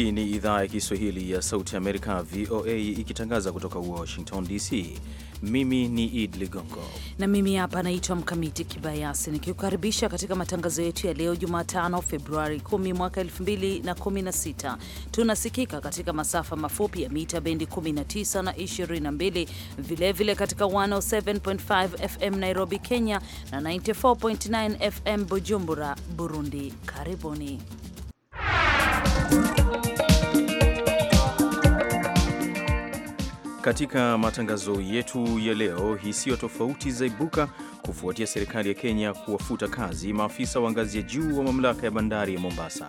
Hii ni idhaa ya Kiswahili ya Sauti Amerika, VOA, ikitangaza kutoka Washington DC. Mimi ni Id Ligongo na mimi hapa naitwa Mkamiti Kibayasi, nikiukaribisha katika matangazo yetu ya leo Jumatano, Februari 10 mwaka 2016. Tunasikika katika masafa mafupi ya mita bendi 19 na 22, vilevile vile katika 107.5 FM Nairobi, Kenya na 94.9 FM Bujumbura, Burundi. Karibuni. Katika matangazo yetu ya leo, hisia tofauti zaibuka kufuatia serikali ya Kenya kuwafuta kazi maafisa wa ngazi ya juu wa mamlaka ya bandari ya Mombasa.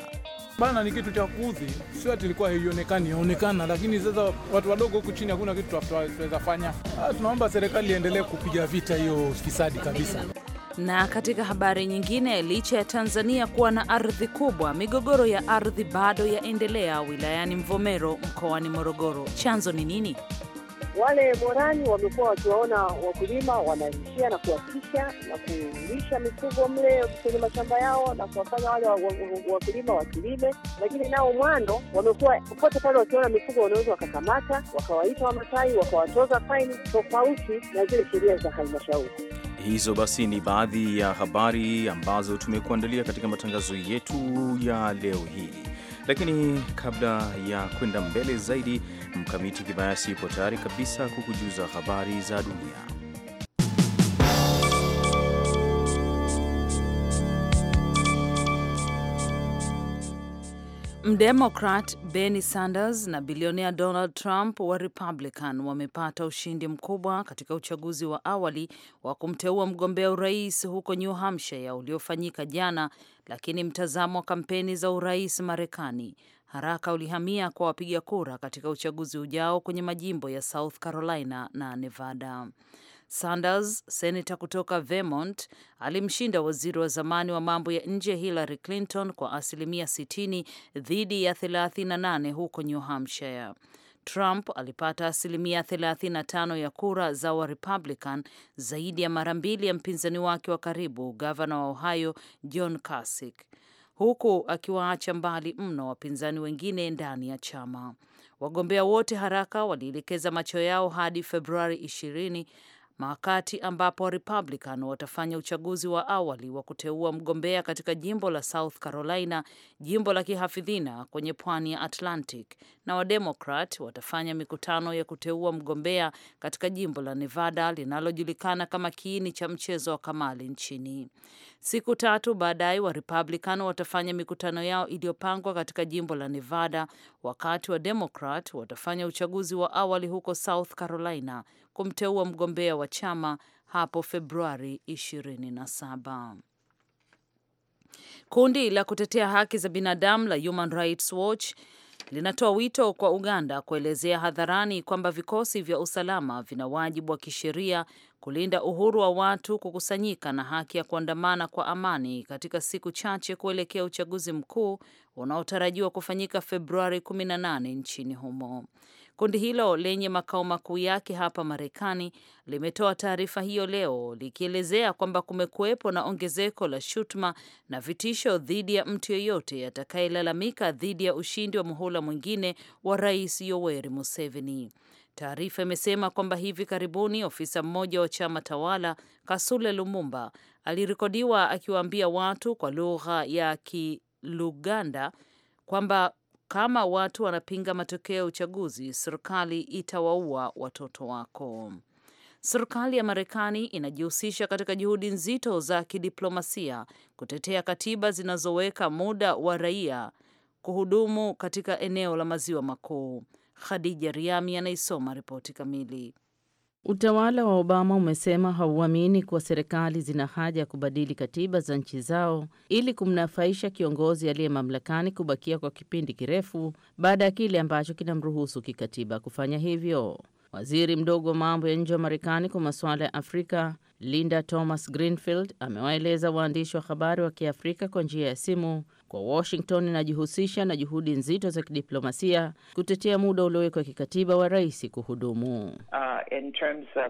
Bana, ni kitu cha kuudhi, sio ati ilikuwa haionekani, yaonekana, lakini sasa watu wadogo huku chini hakuna kitu tunaweza fanya. Ah, tunaomba serikali iendelee kupiga vita hiyo fisadi kabisa. Na katika habari nyingine, licha ya Tanzania kuwa na ardhi kubwa, migogoro ya ardhi bado yaendelea wilayani Mvomero mkoani Morogoro. Chanzo ni nini? Wale morani wamekuwa wakiwaona wakulima wanaishia na kuwatisha na kulisha mifugo mle kwenye mashamba yao na kuwafanya wale wakulima wakilime, lakini nao mwando wamekuwa popote pale wakiona mifugo wanaweza wakakamata, wakawaita Wamasai wakawatoza faini tofauti na zile sheria za halmashauri. Hizo basi ni baadhi ya habari ambazo tumekuandalia katika matangazo yetu ya leo hii, lakini kabla ya kwenda mbele zaidi Mkamiti Kibayasi ipo tayari kabisa kukujuza habari za dunia. Mdemokrat Bernie Sanders na bilionea Donald Trump wa Republican wamepata ushindi mkubwa katika uchaguzi wa awali wa kumteua mgombea urais huko New Hampshire uliofanyika jana, lakini mtazamo wa kampeni za urais Marekani haraka ulihamia kwa wapiga kura katika uchaguzi ujao kwenye majimbo ya South Carolina na Nevada. Sanders, senata kutoka Vermont, alimshinda waziri wa zamani wa mambo ya nje Hillary Clinton kwa asilimia 60 dhidi ya 38 huko New Hampshire. Trump alipata asilimia 35 ya kura za Warepublican, zaidi ya mara mbili ya mpinzani wake wa karibu, gavana wa Ohio John Kasich huku akiwaacha mbali mno wapinzani wengine ndani ya chama. Wagombea wote haraka walielekeza macho yao hadi Februari ishirini wakati ambapo Republican watafanya uchaguzi wa awali wa kuteua mgombea katika jimbo la South Carolina, jimbo la kihafidhina kwenye pwani ya Atlantic, na Wademokrat watafanya mikutano ya kuteua mgombea katika jimbo la Nevada linalojulikana kama kiini cha mchezo wa kamali nchini. Siku tatu baadaye, wa Republican watafanya mikutano yao iliyopangwa katika jimbo la Nevada, wakati wa Democrat watafanya uchaguzi wa awali huko South Carolina kumteua mgombea wa chama hapo Februari 27. Kundi la kutetea haki za binadamu la Human Rights Watch linatoa wito kwa Uganda kuelezea hadharani kwamba vikosi vya usalama vina wajibu wa kisheria kulinda uhuru wa watu kukusanyika na haki ya kuandamana kwa amani katika siku chache kuelekea uchaguzi mkuu unaotarajiwa kufanyika Februari 18 nchini humo. Kundi hilo lenye makao makuu yake hapa Marekani limetoa taarifa hiyo leo likielezea kwamba kumekuwepo na ongezeko la shutuma na vitisho dhidi ya mtu yeyote atakayelalamika dhidi ya ushindi wa muhula mwingine wa Rais Yoweri Museveni. Taarifa imesema kwamba hivi karibuni ofisa mmoja wa chama tawala Kasule Lumumba alirekodiwa akiwaambia watu kwa lugha ya Kiluganda kwamba kama watu wanapinga matokeo ya uchaguzi, serikali itawaua watoto wako. Serikali ya Marekani inajihusisha katika juhudi nzito za kidiplomasia kutetea katiba zinazoweka muda wa raia kuhudumu katika eneo la maziwa makuu. Khadija Riami anaisoma ripoti kamili. Utawala wa Obama umesema hauamini kuwa serikali zina haja ya kubadili katiba za nchi zao ili kumnafaisha kiongozi aliye mamlakani kubakia kwa kipindi kirefu baada ya kile ambacho kinamruhusu kikatiba kufanya hivyo. Waziri mdogo wa mambo ya nje wa Marekani kwa masuala ya Afrika Linda Thomas Greenfield amewaeleza waandishi wa habari wa Kiafrika kwa njia ya simu kwa Washington inajihusisha na juhudi nzito za kidiplomasia kutetea muda uliowekwa kikatiba wa rais kuhudumu. Uh,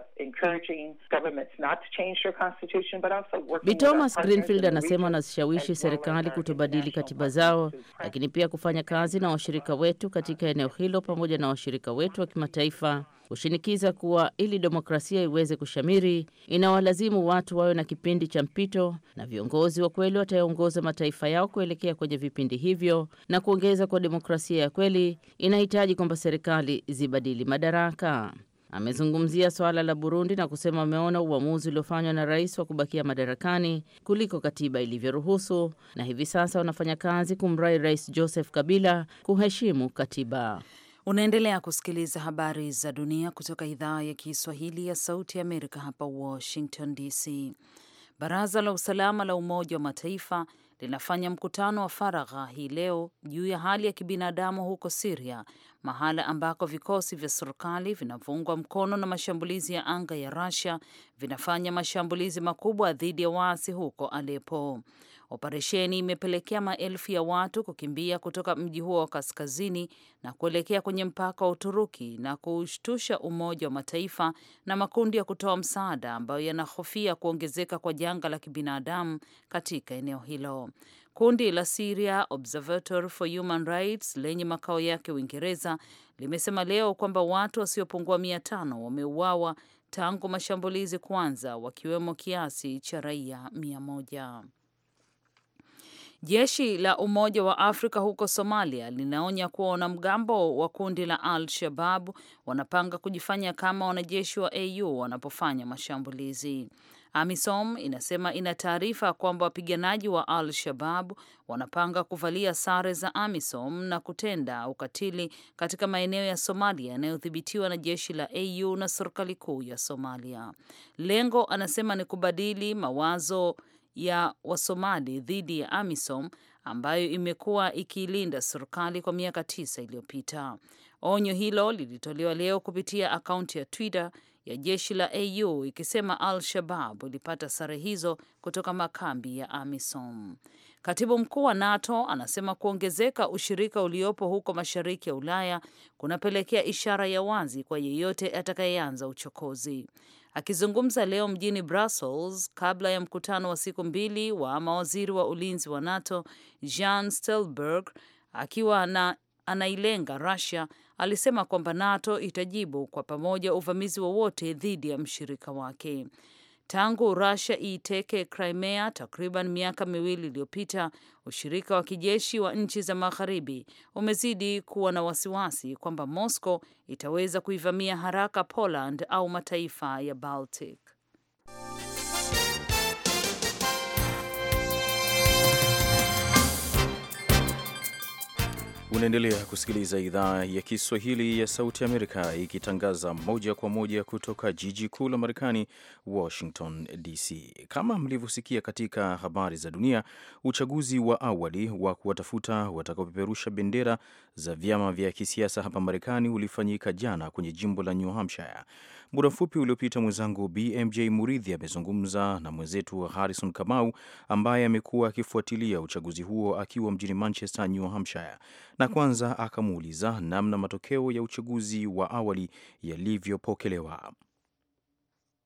Bi Thomas Greenfield anasema anazishawishi serikali kutobadili katiba zao, lakini pia kufanya kazi na washirika wetu katika eneo hilo pamoja na washirika wetu wa kimataifa kushinikiza kuwa ili demokrasia iweze kushamiri inawalazimu watu wawe na kipindi cha mpito na viongozi wa kweli watayaongoza mataifa yao kuelekea kwenye vipindi hivyo, na kuongeza kwa demokrasia ya kweli inahitaji kwamba serikali zibadili madaraka. Amezungumzia swala la Burundi na kusema ameona uamuzi uliofanywa na rais wa kubakia madarakani kuliko katiba ilivyoruhusu, na hivi sasa wanafanya kazi kumrai Rais Joseph Kabila kuheshimu katiba. Unaendelea kusikiliza habari za dunia kutoka idhaa ya Kiswahili ya Sauti ya Amerika hapa Washington DC. Baraza la Usalama la Umoja wa Mataifa linafanya mkutano wa faragha hii leo juu ya hali ya kibinadamu huko Siria, mahala ambako vikosi vya serikali vinavyoungwa mkono na mashambulizi ya anga ya rasia vinafanya mashambulizi makubwa dhidi ya waasi huko Aleppo. Operesheni imepelekea maelfu ya watu kukimbia kutoka mji huo wa kaskazini na kuelekea kwenye mpaka wa Uturuki na kushtusha Umoja wa Mataifa na makundi ya kutoa msaada ambayo yanahofia kuongezeka kwa janga la kibinadamu katika eneo hilo. Kundi la Syria Observatory for Human Rights lenye makao yake Uingereza limesema leo kwamba watu wasiopungua mia tano wameuawa tangu mashambulizi kuanza, wakiwemo kiasi cha raia mia moja. Jeshi la Umoja wa Afrika huko Somalia linaonya kuwa wanamgambo wa kundi la Al shabab wanapanga kujifanya kama wanajeshi wa AU wanapofanya mashambulizi. AMISOM inasema ina taarifa kwamba wapiganaji wa Al shabab wanapanga kuvalia sare za AMISOM na kutenda ukatili katika maeneo ya Somalia yanayodhibitiwa na jeshi la AU na serikali kuu ya Somalia. Lengo anasema ni kubadili mawazo ya Wasomali dhidi ya AMISOM ambayo imekuwa ikiilinda serikali kwa miaka tisa iliyopita. Onyo hilo lilitolewa leo kupitia akaunti ya Twitter ya jeshi la AU ikisema Al Shabab ilipata sare hizo kutoka makambi ya AMISOM. Katibu mkuu wa NATO anasema kuongezeka ushirika uliopo huko mashariki ya Ulaya kunapelekea ishara ya wazi kwa yeyote atakayeanza uchokozi. Akizungumza leo mjini Brussels kabla ya mkutano wa siku mbili wa mawaziri wa ulinzi wa NATO, Jean Stelberg akiwa na anailenga Russia alisema kwamba NATO itajibu kwa pamoja uvamizi wowote dhidi ya mshirika wake. Tangu Russia iiteke Crimea takriban miaka miwili iliyopita, ushirika wa kijeshi wa nchi za magharibi umezidi kuwa na wasiwasi kwamba Moscow itaweza kuivamia haraka Poland au mataifa ya Baltic. Unaendelea kusikiliza idhaa ya Kiswahili ya Sauti Amerika ikitangaza moja kwa moja kutoka jiji kuu la Marekani, Washington DC. Kama mlivyosikia katika habari za dunia, uchaguzi wa awali wa kuwatafuta watakaopeperusha bendera za vyama vya kisiasa hapa Marekani ulifanyika jana kwenye jimbo la New Hampshire. Muda mfupi uliopita, mwenzangu BMJ Muridhi amezungumza na mwenzetu Harrison Kamau ambaye amekuwa akifuatilia uchaguzi huo akiwa mjini Manchester, New Hampshire na kwanza akamuuliza namna matokeo ya uchaguzi wa awali yalivyopokelewa.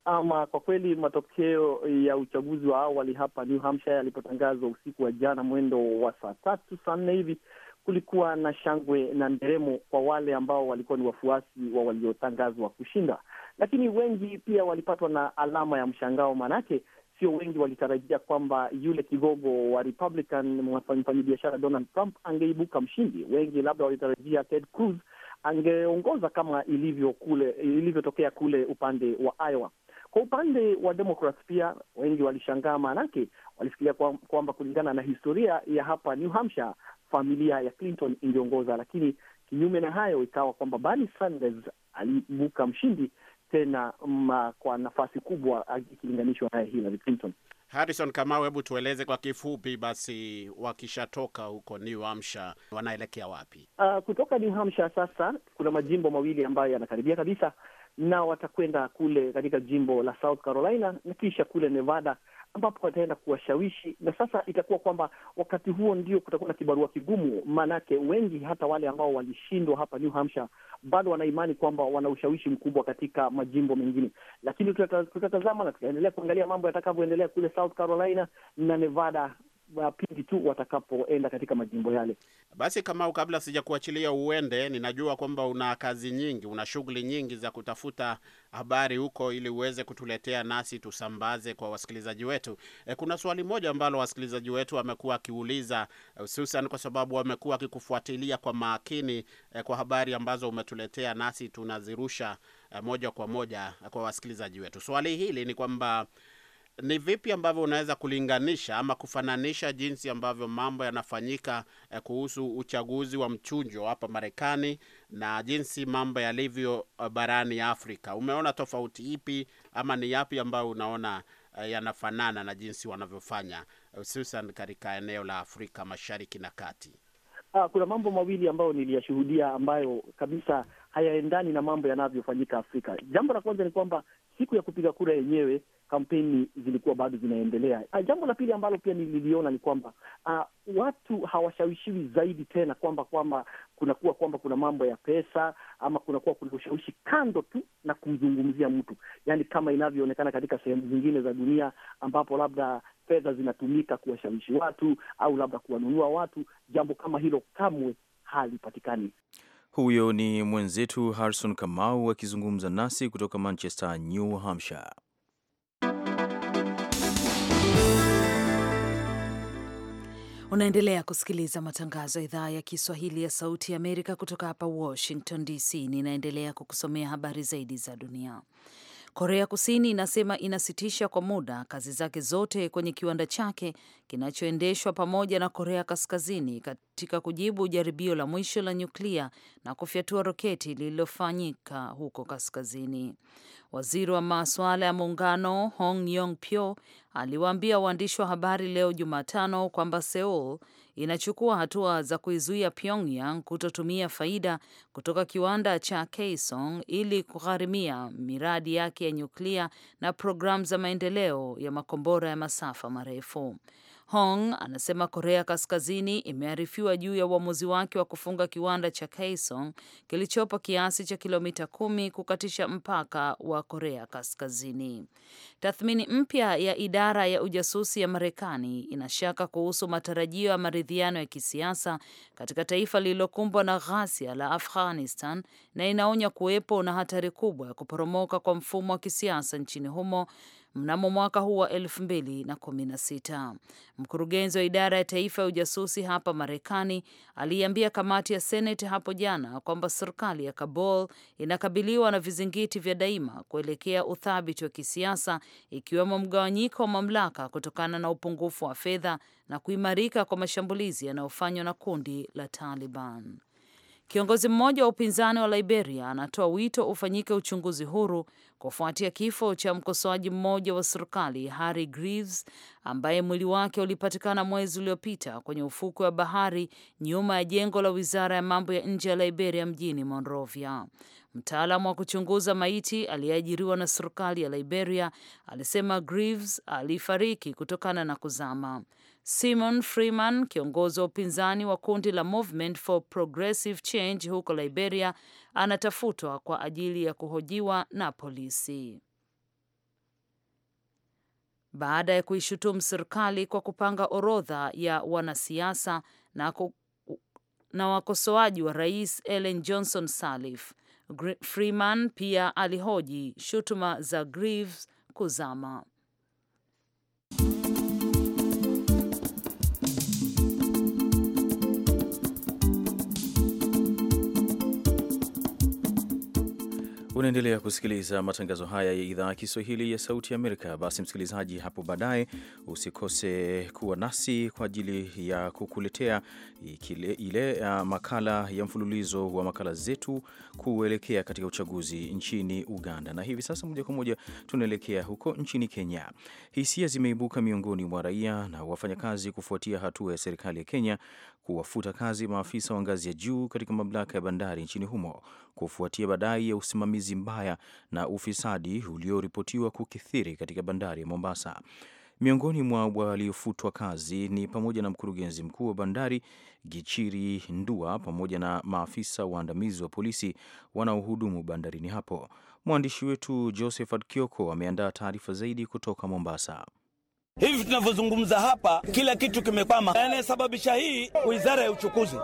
Ama kwa kweli matokeo ya uchaguzi wa awali hapa New Hampshire yalipotangazwa usiku wa jana mwendo wa saa tatu saa nne hivi, kulikuwa na shangwe na nderemo kwa wale ambao walikuwa ni wafuasi wa waliotangazwa kushinda, lakini wengi pia walipatwa na alama ya mshangao, maanake sio wengi walitarajia kwamba yule kigogo wa Republican mfanyabiashara Donald Trump angeibuka mshindi. Wengi labda walitarajia Ted Cruz angeongoza kama ilivyo kule ilivyotokea kule upande wa Iowa. Kwa upande wa Democrats pia wengi walishangaa, maanake walifikiria kwamba kulingana na historia ya hapa New Hampshire familia ya Clinton ingeongoza, lakini kinyume na hayo ikawa kwamba Bernie Sanders aliibuka mshindi tena ma, mm, ah, kwa nafasi kubwa ikilinganishwa naye Hillary Clinton. Harrison Kamau, hebu tueleze kwa kifupi basi, wakishatoka huko New Hampshire wanaelekea wapi? Uh, kutoka New Hampshire sasa kuna majimbo mawili ambayo yanakaribia kabisa na watakwenda kule katika jimbo la South Carolina na kisha kule Nevada ambapo wataenda kuwashawishi, na sasa itakuwa kwamba wakati huo ndio kutakuwa na kibarua kigumu, maanake wengi hata wale ambao walishindwa hapa New Hampshire bado wanaimani kwamba wana ushawishi mkubwa katika majimbo mengine, lakini tutatazama na tutaendelea kuangalia mambo yatakavyoendelea kule South Carolina na Nevada pindi tu watakapoenda katika majimbo yale. Basi Kamau, kabla sijakuachilia uende, ninajua kwamba una kazi nyingi, una shughuli nyingi za kutafuta habari huko ili uweze kutuletea nasi tusambaze kwa wasikilizaji wetu. E, kuna swali moja ambalo wasikilizaji wetu wamekuwa wakiuliza, hususan kwa sababu wamekuwa wakikufuatilia kwa makini e, kwa habari ambazo umetuletea nasi tunazirusha e, moja kwa moja kwa wasikilizaji wetu. Swali hili ni kwamba ni vipi ambavyo unaweza kulinganisha ama kufananisha jinsi ambavyo mambo yanafanyika eh, kuhusu uchaguzi wa mchujo hapa Marekani na jinsi mambo yalivyo eh, barani Afrika? Umeona tofauti ipi ama ni yapi ambayo unaona eh, yanafanana na jinsi wanavyofanya eh, hususan katika eneo la Afrika Mashariki na Kati? Ah, kuna mambo mawili ambayo niliyashuhudia ambayo kabisa hayaendani na mambo yanavyofanyika Afrika. Jambo la kwanza ni kwamba siku ya kupiga kura yenyewe kampeni zilikuwa bado zinaendelea. Ah, jambo la pili ambalo pia nililiona ni kwamba uh, watu hawashawishiwi zaidi tena kwamba kwamba kunakuwa kwamba kuna mambo ya pesa ama kunakuwa kuna ushawishi kando tu na kumzungumzia mtu, yaani kama inavyoonekana katika sehemu zingine za dunia ambapo labda fedha zinatumika kuwashawishi watu au labda kuwanunua watu. Jambo kama hilo kamwe halipatikani. Huyo ni mwenzetu Harrison Kamau akizungumza nasi kutoka Manchester, New Hampshire. Unaendelea kusikiliza matangazo ya idhaa ya Kiswahili ya Sauti ya Amerika kutoka hapa Washington DC. Ninaendelea kukusomea habari zaidi za dunia. Korea Kusini inasema inasitisha kwa muda kazi zake zote kwenye kiwanda chake kinachoendeshwa pamoja na Korea Kaskazini katika kujibu jaribio la mwisho la nyuklia na kufyatua roketi lililofanyika huko kaskazini. Waziri wa masuala ya muungano Hong Yong Pyo aliwaambia waandishi wa habari leo Jumatano kwamba Seoul inachukua hatua za kuizuia Pyongyang kutotumia faida kutoka kiwanda cha Kaesong ili kugharimia miradi yake ya nyuklia na programu za maendeleo ya makombora ya masafa marefu. Hong anasema Korea Kaskazini imearifiwa juu ya uamuzi wake wa kufunga kiwanda cha Kaesong kilichopo kiasi cha kilomita kumi kukatisha mpaka wa Korea Kaskazini. Tathmini mpya ya idara ya ujasusi ya Marekani inashaka kuhusu matarajio ya maridhiano ya kisiasa katika taifa lililokumbwa na ghasia la Afghanistan na inaonya kuwepo na hatari kubwa ya kuporomoka kwa mfumo wa kisiasa nchini humo mnamo mwaka huu wa 2016. Mkurugenzi wa idara ya taifa ya ujasusi hapa Marekani aliiambia kamati ya Seneti hapo jana kwamba serikali ya Kabul inakabiliwa na vizingiti vya daima kuelekea uthabiti wa kisiasa, ikiwemo mgawanyiko wa mamlaka kutokana na upungufu wa fedha na kuimarika kwa mashambulizi yanayofanywa na kundi la Taliban. Kiongozi mmoja wa upinzani wa Liberia anatoa wito ufanyike uchunguzi huru kufuatia kifo cha mkosoaji mmoja wa serikali Harry Greaves ambaye mwili wake ulipatikana mwezi uliopita kwenye ufukwe wa bahari nyuma ya jengo la wizara ya mambo ya nje ya Liberia mjini Monrovia. Mtaalamu wa kuchunguza maiti aliyeajiriwa na serikali ya Liberia alisema Greaves alifariki kutokana na kuzama. Simon Freeman, kiongozi wa upinzani wa kundi la Movement for Progressive Change huko Liberia, anatafutwa kwa ajili ya kuhojiwa na polisi baada ya kuishutumu serikali kwa kupanga orodha ya wanasiasa na, na wakosoaji wa rais Ellen Johnson Sirleaf. Freeman pia alihoji shutuma za Grives kuzama. Unaendelea kusikiliza matangazo haya ya idhaa ya Kiswahili ya Sauti ya Amerika. Basi msikilizaji, hapo baadaye usikose kuwa nasi kwa ajili ya kukuletea ikile, ile uh, makala ya mfululizo wa makala zetu kuelekea katika uchaguzi nchini Uganda, na hivi sasa moja kwa moja tunaelekea huko nchini Kenya. Hisia zimeibuka miongoni mwa raia na wafanyakazi kufuatia hatua ya serikali ya Kenya kuwafuta kazi maafisa wa ngazi ya juu katika mamlaka ya bandari nchini humo kufuatia madai ya usimamizi mbaya na ufisadi ulioripotiwa kukithiri katika bandari ya Mombasa. Miongoni mwa waliofutwa kazi ni pamoja na mkurugenzi mkuu wa bandari Gichiri Ndua pamoja na maafisa waandamizi wa polisi wanaohudumu bandarini hapo. Mwandishi wetu Josephat Kioko ameandaa taarifa zaidi kutoka Mombasa. Hivi tunavyozungumza hapa, kila kitu kimekwama. Yanayesababisha hii wizara ya uchukuzi,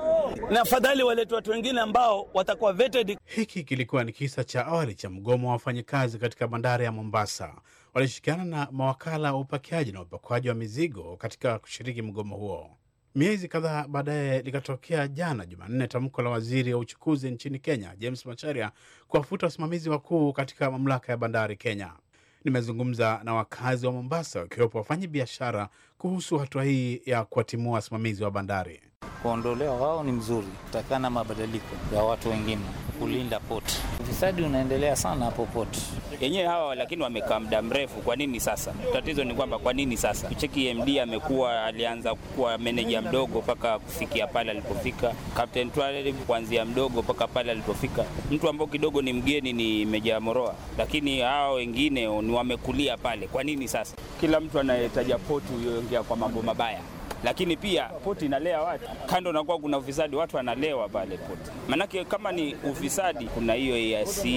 na afadhali walete watu wengine ambao watakuwa vetted. Hiki kilikuwa ni kisa cha awali cha mgomo wa wafanyakazi katika bandari ya Mombasa. Walishirikiana na mawakala wa upakiaji na upakuaji wa mizigo katika kushiriki mgomo huo. Miezi kadhaa baadaye likatokea jana Jumanne tamko la waziri wa uchukuzi nchini Kenya James Macharia kuwafuta wasimamizi wakuu katika mamlaka ya bandari Kenya. Nimezungumza na wakazi wa Mombasa, wakiwepo wafanyi biashara kuhusu hatua hii ya kuwatimua wasimamizi wa bandari. Kuondolewa wao ni mzuri, kutakana mabadiliko ya watu wengine kulinda poti Ufisadi unaendelea sana popote yenyewe hawa, lakini wamekaa muda mrefu. Kwa nini sasa? Tatizo ni kwamba kwa nini sasa? Cheki MD amekuwa alianza kuwa meneja mdogo mpaka kufikia pale alipofika, Captain Twalib kuanzia mdogo mpaka pale alipofika. Mtu ambao kidogo ni mgeni ni Meja Moroa, lakini hawa wengine ni wamekulia pale. Kwa nini sasa kila mtu anayetaja potu huyoongea kwa mambo mabaya? lakini pia poti inalea watu kando, nakuwa kuna ufisadi, watu wanalewa pale poti. Maanake kama ni ufisadi, kuna hiyo EAC,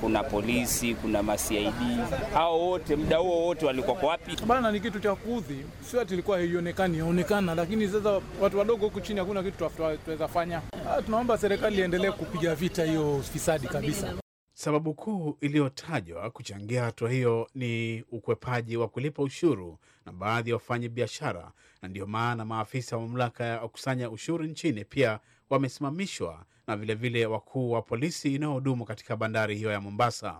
kuna polisi, kuna maCID, hao wote muda huo wote walikuwa kwa wapi bana? Ni kitu cha kuudhi, sio ati ilikuwa haionekani, yaonekana. Lakini sasa watu wadogo huku chini hakuna kitu tunaweza fanya. Ah, tunaomba serikali iendelee kupiga vita hiyo ufisadi kabisa. Sababu kuu iliyotajwa kuchangia hatua hiyo ni ukwepaji wa kulipa ushuru na baadhi ya wafanyabiashara biashara na ndiyo maana maafisa wa mamlaka ya kusanya ushuru nchini pia wamesimamishwa na vilevile wakuu wa polisi inayohudumu katika bandari hiyo ya Mombasa.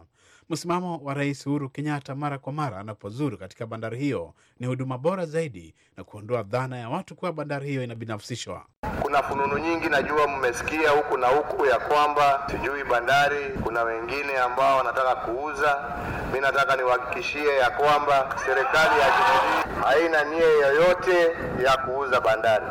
Msimamo wa Rais Uhuru Kenyatta mara kwa mara anapozuru katika bandari hiyo ni huduma bora zaidi na kuondoa dhana ya watu kuwa bandari hiyo inabinafsishwa. Kuna fununu nyingi, najua mmesikia huku na huku ya kwamba sijui bandari, kuna wengine ambao wanataka kuuza. Mi nataka niwahakikishie ya kwamba serikali ya Jubilee haina nia yoyote ya kuuza bandari.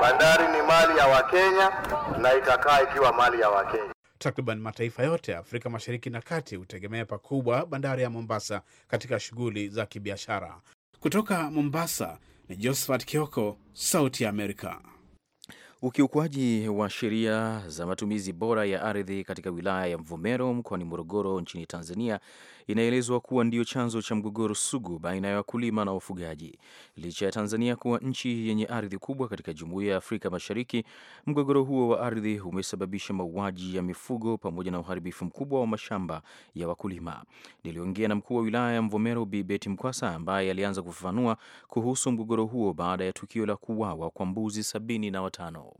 Bandari ni mali ya Wakenya na itakaa ikiwa mali ya Wakenya. Takriban mataifa yote Afrika Mashariki na Kati hutegemea pakubwa bandari ya Mombasa katika shughuli za kibiashara. Kutoka Mombasa ni Josephat Kioko, Sauti ya Amerika. Ukiukwaji wa sheria za matumizi bora ya ardhi katika wilaya ya Mvomero mkoani Morogoro nchini Tanzania inaelezwa kuwa ndiyo chanzo cha mgogoro sugu baina ya wakulima na wafugaji. Licha ya Tanzania kuwa nchi yenye ardhi kubwa katika Jumuiya ya Afrika Mashariki, mgogoro huo wa ardhi umesababisha mauaji ya mifugo pamoja na uharibifu mkubwa wa mashamba ya wakulima. Niliongea na mkuu wa wilaya ya Mvomero Bi Beti Mkwasa ambaye alianza kufafanua kuhusu mgogoro huo baada ya tukio la kuuawa kwa mbuzi sabini na watano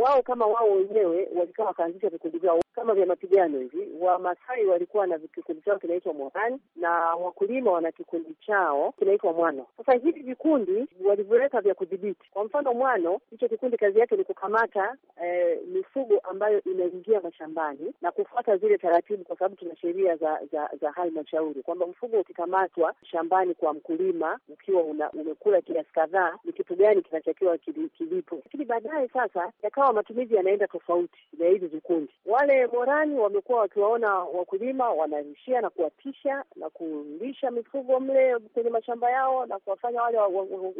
wao kama wao wenyewe walikaa wakaanzisha vikundi vyao kama vya mapigano hivi. Wamasai walikuwa na kikundi chao kinaitwa Mwanani na wakulima wana kikundi chao kinaitwa Mwano. Sasa hivi vikundi walivyoweka vya kudhibiti, kwa mfano Mwano, hicho kikundi kazi yake ni kukamata eh, mifugo ambayo inaingia mashambani na kufuata zile taratibu, kwa sababu tuna sheria za za, za halmashauri kwamba mfugo ukikamatwa shambani kwa mkulima ukiwa umekula kiasi kadhaa, ni kitu gani kinachotakiwa kilipo. lakini baadaye sasa yakawa ingawa matumizi yanaenda tofauti na hivi vikundi. Wale morani wamekuwa wakiwaona wakulima wanarishia na kuwatisha na kulisha mifugo mle kwenye mashamba yao na kuwafanya wale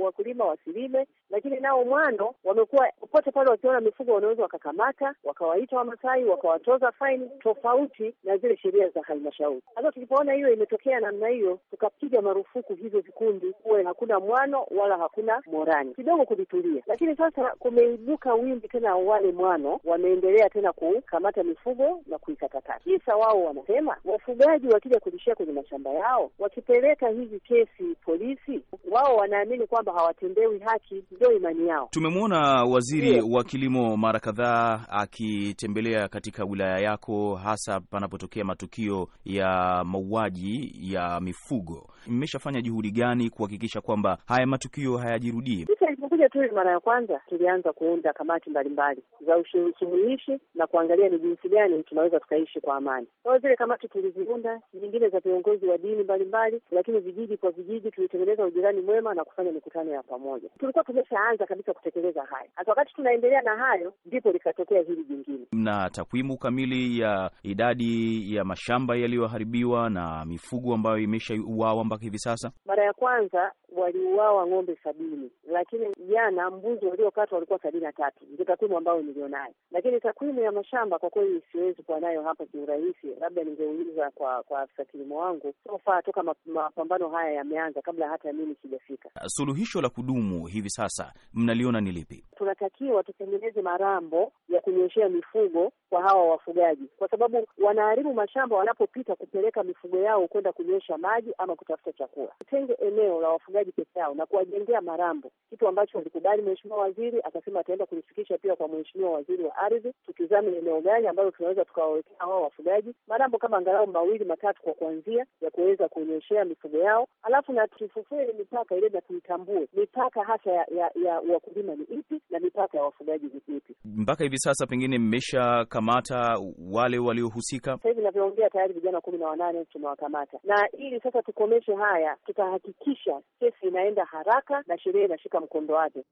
wakulima wasilime, lakini nao mwando wamekuwa popote pale wakiona mifugo wanaweza wakakamata, wakawaita Wamasai wakawatoza faini tofauti na zile sheria za halmashauri. Sasa tulipoona hiyo imetokea namna hiyo, tukapiga marufuku hivyo vikundi, kuwe hakuna mwano wala hakuna morani, kidogo kulitulia. Lakini sasa kumeibuka wimbi tena wale mwano wameendelea tena kukamata mifugo na kuikatakata. Kisa wao wanasema wafugaji wakija kulishia kwenye mashamba yao, wakipeleka hizi kesi polisi, wao wanaamini kwamba hawatendewi haki, ndio imani yao. Tumemwona waziri yeah, wa kilimo mara kadhaa akitembelea katika wilaya yako, hasa panapotokea matukio ya mauaji ya mifugo mmeshafanya juhudi gani kuhakikisha kwamba haya matukio hayajirudii? Sisi ilipokuja tu mara ya kwanza, tulianza kuunda kamati mbalimbali za usuluhishi na kuangalia ni jinsi gani tunaweza tukaishi kwa amani. Kwa zile kamati tuliziunda, nyingine za viongozi wa dini mbalimbali, lakini vijiji kwa vijiji tulitengeneza ujirani mwema na kufanya mikutano ya pamoja. Tulikuwa tumeshaanza kabisa kutekeleza haya, hata wakati tunaendelea na hayo ndipo likatokea hili jingine. Mna takwimu kamili ya idadi ya mashamba yaliyoharibiwa na mifugo ambayo imeshauawa? mpaka hivi sasa? Mara ya kwanza waliuawa ng'ombe sabini, lakini jana mbuzi waliokatwa walikuwa sabini na tatu, ndio takwimu ambayo nilionayo. Lakini takwimu ya mashamba kwa kweli siwezi kuwa nayo hapa kiurahisi, labda ningeuliza kwa kwa afisa kilimo wangu. Sofa toka mapambano haya yameanza, kabla hata mimi sijafika. Uh, suluhisho la kudumu hivi sasa mnaliona ni lipi? Tunatakiwa tutengeneze marambo ya kunyweshea mifugo kwa hawa wafugaji, kwa sababu wanaharibu mashamba wanapopita kupeleka mifugo yao kwenda kunywesha maji ama kutafuta kutafuta chakula. Tenge eneo la wafugaji peke yao na kuwajengea marambo, kitu ambacho alikubali mheshimiwa waziri, akasema ataenda kulifikisha pia kwa mheshimiwa waziri wa ardhi, tukizame eneo gani ambalo tunaweza tukawawekea hao wafugaji marambo kama angalau mawili matatu kwa kuanzia, ya kuweza kuonyeshea mifugo yao, alafu na tuifufue mipaka ile na tuitambue mipaka hasa ya, ya, ya wakulima ni ipi na mipaka ya wafugaji ni ipi. Mpaka hivi sasa pengine mmeshakamata wale waliohusika? Sasa hivi navyoongea tayari vijana kumi na wanane tumewakamata, na ili sasa tukomeshe yote haya tutahakikisha kesi inaenda haraka na sheria inashika mkondo wake.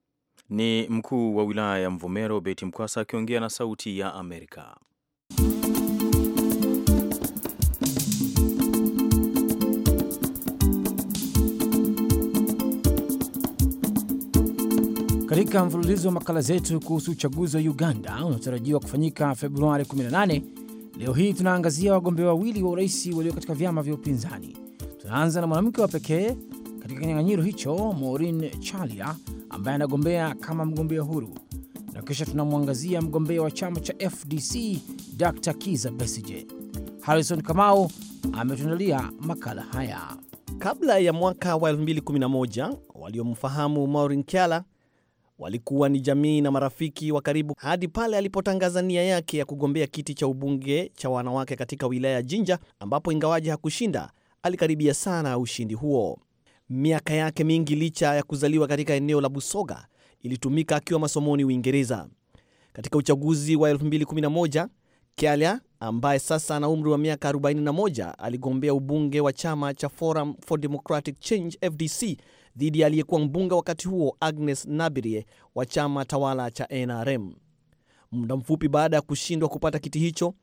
Ni mkuu wa wilaya ya Mvomero Beti Mkwasa akiongea na Sauti ya Amerika. Katika mfululizo wa makala zetu kuhusu uchaguzi wa Uganda unaotarajiwa kufanyika Februari 18, leo hii tunaangazia wagombea wawili wa urais walio katika vyama vya upinzani Tunaanza na mwanamke wa pekee katika kinyang'anyiro hicho, Maureen Chalia ambaye anagombea kama mgombea huru, na kisha tunamwangazia mgombea wa chama cha FDC Dr. Kiza Besije. Harrison Kamau ametuandalia makala haya. Kabla ya mwaka wa 2011 waliomfahamu Maureen kiala walikuwa ni jamii na marafiki wa karibu hadi pale alipotangaza nia yake ya kugombea kiti cha ubunge cha wanawake katika wilaya ya Jinja, ambapo ingawaji hakushinda, alikaribia sana ushindi huo. Miaka yake mingi licha ya kuzaliwa katika eneo la Busoga ilitumika akiwa masomoni Uingereza. Katika uchaguzi wa 2011 kala ambaye sasa ana umri wa miaka 41 aligombea ubunge wa chama cha Forum for Democratic Change FDC dhidi ya aliyekuwa mbunge wakati huo Agnes Nabirie wa chama tawala cha NRM. Muda mfupi baada ya kushindwa kupata kiti hicho,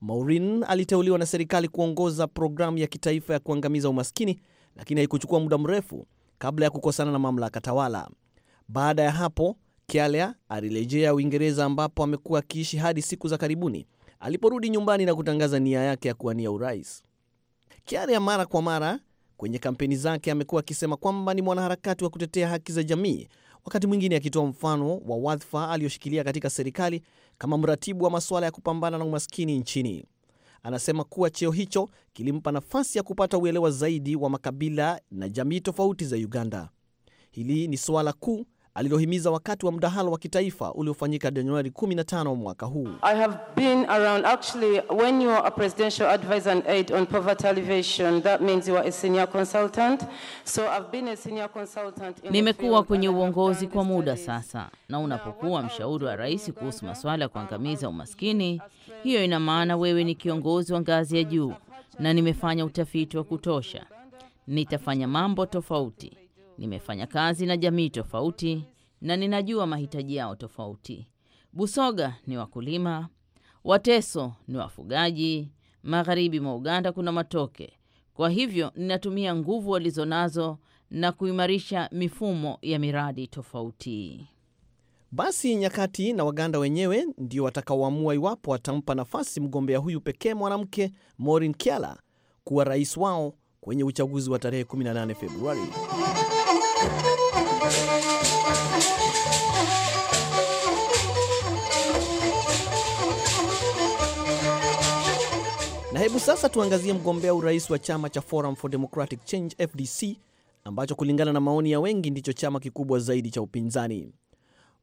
Maureen aliteuliwa na serikali kuongoza programu ya kitaifa ya kuangamiza umaskini, lakini haikuchukua muda mrefu kabla ya kukosana na mamlaka tawala. Baada ya hapo, Kialea alirejea Uingereza ambapo amekuwa akiishi hadi siku za karibuni aliporudi nyumbani na kutangaza nia yake ya kuwania urais. Kialea mara kwa mara kwenye kampeni zake amekuwa akisema kwamba ni mwanaharakati wa kutetea haki za jamii wakati mwingine akitoa mfano wa wadhifa aliyoshikilia katika serikali kama mratibu wa masuala ya kupambana na umaskini nchini. Anasema kuwa cheo hicho kilimpa nafasi ya kupata uelewa zaidi wa makabila na jamii tofauti za Uganda. Hili ni suala kuu alilohimiza wakati wa mdahalo wa kitaifa uliofanyika Januari 15 mwaka huu. I have been around actually when you are a presidential advisor and aide on poverty alleviation that means you are a senior consultant. So I've been a senior consultant. Nimekuwa kwenye uongozi kwa muda sasa, na unapokuwa mshauri wa rais kuhusu masuala ya kuangamiza umaskini, hiyo ina maana wewe ni kiongozi wa ngazi ya juu, na nimefanya utafiti wa kutosha. Nitafanya mambo tofauti Nimefanya kazi na jamii tofauti na ninajua mahitaji yao tofauti. Busoga ni wakulima, Wateso ni wafugaji. Magharibi mwa Uganda kuna matoke. Kwa hivyo ninatumia nguvu walizonazo na kuimarisha mifumo ya miradi tofauti. Basi nyakati na Waganda wenyewe ndio watakaoamua iwapo watampa nafasi mgombea huyu pekee mwanamke Maureen Kiala kuwa rais wao kwenye uchaguzi wa tarehe 18 Februari. Na hebu sasa tuangazie mgombea urais wa chama cha Forum for Democratic Change FDC ambacho kulingana na maoni ya wengi ndicho chama kikubwa zaidi cha upinzani.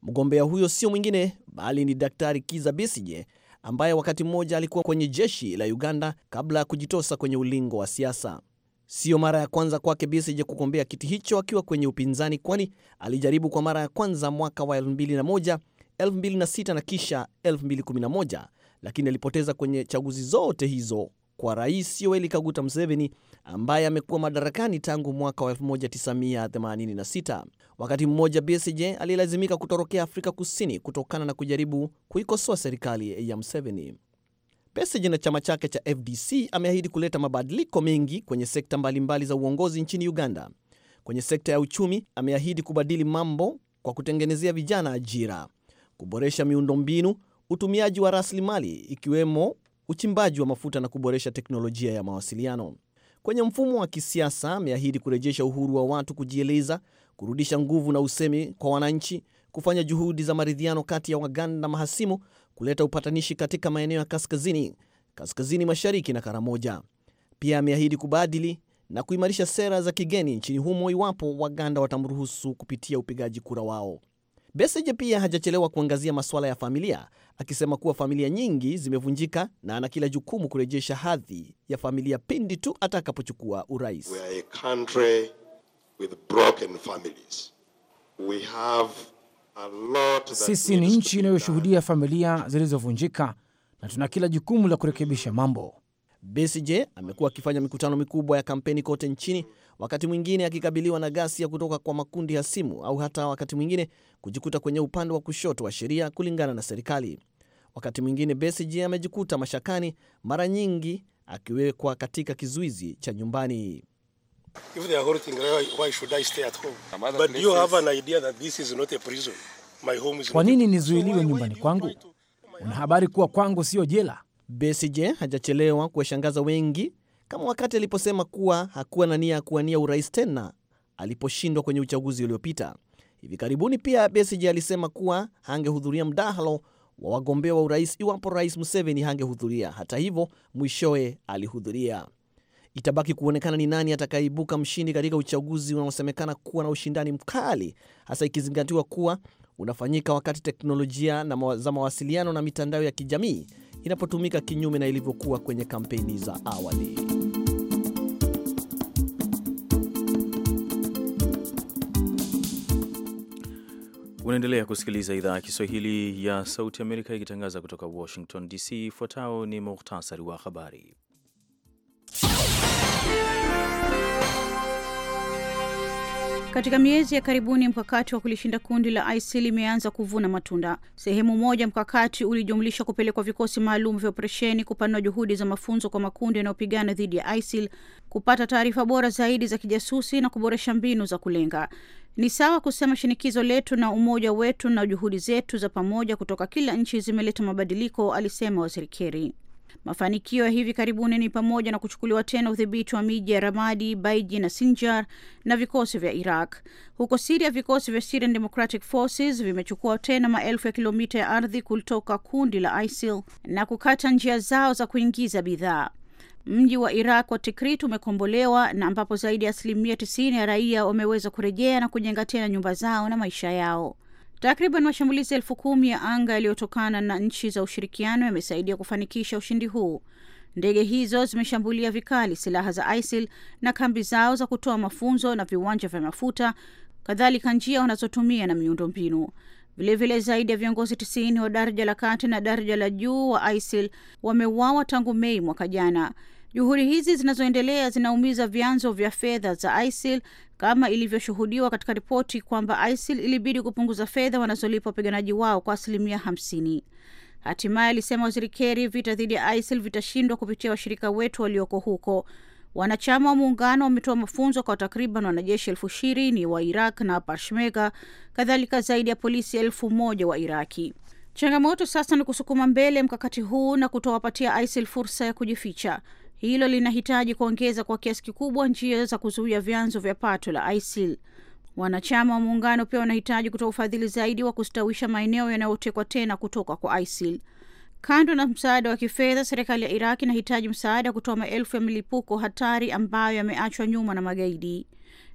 Mgombea huyo sio mwingine bali ni Daktari Kiza bisije ambaye wakati mmoja alikuwa kwenye jeshi la Uganda kabla ya kujitosa kwenye ulingo wa siasa. Sio mara ya kwanza kwake bisije kugombea kiti hicho akiwa kwenye upinzani, kwani alijaribu kwa mara ya kwanza mwaka wa 2001, 2006 na kisha 2011 lakini alipoteza kwenye chaguzi zote hizo kwa Rais Yoweri Kaguta mseveni ambaye amekuwa madarakani tangu mwaka wa 1986. Wakati mmoja, bsj alilazimika kutorokea Afrika Kusini kutokana na kujaribu kuikosoa serikali ya mseveni bsj na chama chake cha FDC ameahidi kuleta mabadiliko mengi kwenye sekta mbalimbali za uongozi nchini Uganda. Kwenye sekta ya uchumi, ameahidi kubadili mambo kwa kutengenezea vijana ajira, kuboresha miundombinu utumiaji wa rasilimali ikiwemo uchimbaji wa mafuta na kuboresha teknolojia ya mawasiliano. Kwenye mfumo wa kisiasa, ameahidi kurejesha uhuru wa watu kujieleza, kurudisha nguvu na usemi kwa wananchi, kufanya juhudi za maridhiano kati ya Waganda na mahasimu, kuleta upatanishi katika maeneo ya kaskazini, kaskazini mashariki na Karamoja. Pia ameahidi kubadili na kuimarisha sera za kigeni nchini humo iwapo Waganda watamruhusu kupitia upigaji kura wao besije pia hajachelewa kuangazia masuala ya familia, akisema kuwa familia nyingi zimevunjika na ana kila jukumu kurejesha hadhi ya familia pindi tu atakapochukua urais. Sisi ni nchi inayoshuhudia familia zilizovunjika na tuna kila jukumu la kurekebisha mambo. besije amekuwa akifanya mikutano mikubwa ya kampeni kote nchini wakati mwingine akikabiliwa na ghasia kutoka kwa makundi hasimu au hata wakati mwingine kujikuta kwenye upande wa kushoto wa sheria kulingana na serikali. Wakati mwingine Besigye amejikuta mashakani, mara nyingi akiwekwa katika kizuizi cha nyumbani. Kwa nini nizuiliwe nyumbani kwangu? Una habari kuwa kwangu siyo jela? Besigye hajachelewa kuwashangaza wengi kama wakati aliposema kuwa hakuwa na nia ya kuwania urais tena aliposhindwa kwenye uchaguzi uliopita. Hivi karibuni pia Besigye alisema kuwa hangehudhuria mdahalo wa wagombea wa urais iwapo Rais Museveni hangehudhuria. Hata hivyo, mwishowe alihudhuria. Itabaki kuonekana ni nani atakayeibuka mshindi katika uchaguzi unaosemekana kuwa na ushindani mkali, hasa ikizingatiwa kuwa unafanyika wakati teknolojia na za mawasiliano na mitandao ya kijamii inapotumika kinyume na ilivyokuwa kwenye kampeni za awali. Unaendelea kusikiliza idhaa ya Kiswahili ya Sauti Amerika ikitangaza kutoka Washington DC. Ifuatao ni muhtasari wa habari. Katika miezi ya karibuni mkakati wa kulishinda kundi la ISIL limeanza kuvuna matunda. Sehemu moja mkakati ulijumlisha kupelekwa vikosi maalum vya operesheni, kupanua juhudi za mafunzo kwa makundi yanayopigana dhidi ya ISIL, kupata taarifa bora zaidi za kijasusi na kuboresha mbinu za kulenga. Ni sawa kusema shinikizo letu na umoja wetu na juhudi zetu za pamoja kutoka kila nchi zimeleta mabadiliko, alisema Waziri Keri. Mafanikio ya hivi karibuni ni pamoja na kuchukuliwa tena udhibiti wa miji ya Ramadi, Baiji na Sinjar na vikosi vya Iraq. Huko Siria, vikosi vya Syrian Democratic Forces vimechukua tena maelfu ya kilomita ya ardhi kutoka kundi la ISIL na kukata njia zao za kuingiza bidhaa. Mji wa Iraq wa Tikrit umekombolewa na ambapo zaidi ya asilimia tisini ya raia wameweza kurejea na kujenga tena nyumba zao na maisha yao. Takriban mashambulizi elfu kumi ya anga yaliyotokana na nchi za ushirikiano yamesaidia kufanikisha ushindi huu. Ndege hizo zimeshambulia vikali silaha za ISIL na kambi zao za kutoa mafunzo na viwanja vya mafuta, kadhalika njia wanazotumia na miundombinu. Vilevile, zaidi ya viongozi tisini wa daraja la kati na daraja la juu wa ISIL wameuawa tangu Mei mwaka jana. Juhudi hizi zinazoendelea zinaumiza vyanzo vya fedha za ISIL kama ilivyoshuhudiwa katika ripoti kwamba ISIL ilibidi kupunguza fedha wanazolipa wapiganaji wao kwa asilimia hamsini. Hatimaye alisema waziri Keri, vita dhidi ya ISIL vitashindwa kupitia washirika wetu walioko huko. Wanachama wa muungano wametoa mafunzo kwa takriban wanajeshi elfu ishirini wa Iraq na Peshmerga, kadhalika zaidi ya polisi elfu moja wa Iraki. Changamoto sasa ni kusukuma mbele mkakati huu na kutowapatia ISIL fursa ya kujificha. Hilo linahitaji kuongeza kwa kiasi kikubwa njia za kuzuia vyanzo vya pato la ISIL. Wanachama wa muungano pia wanahitaji kutoa ufadhili zaidi wa kustawisha maeneo yanayotekwa tena kutoka kwa ISIL. Kando na msaada wa kifedha, serikali ya Iraq inahitaji msaada kutoa maelfu ya milipuko hatari ambayo yameachwa nyuma na magaidi.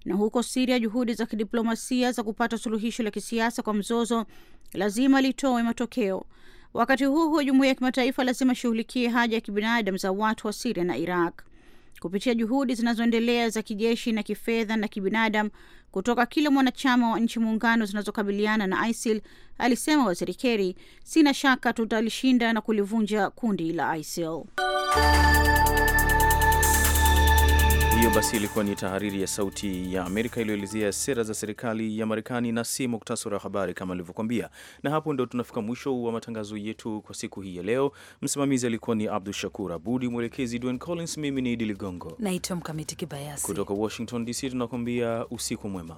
Na huko Siria, juhudi za kidiplomasia za kupata suluhisho la kisiasa kwa mzozo lazima litoe matokeo. Wakati huo huo, jumuiya ya kimataifa lazima shughulikie haja ya kibinadamu za watu wa Siria na Iraq kupitia juhudi zinazoendelea za kijeshi na kifedha na kibinadamu kutoka kila mwanachama wa nchi muungano zinazokabiliana na ISIL, alisema waziri Keri. Sina shaka tutalishinda na kulivunja kundi la ISIL. Hiyo basi ilikuwa ni tahariri ya Sauti ya Amerika iliyoelezea sera za serikali ya Marekani na si muktasari wa habari kama alivyokwambia. Na hapo ndo tunafika mwisho wa matangazo yetu kwa siku hii ya leo. Msimamizi alikuwa ni Abdu Shakur Abudi, mwelekezi Dwayne Collins, mimi ni Idi Ligongo naitwa Mkamiti Kibayasi kutoka Washington DC. Tunakuambia usiku mwema.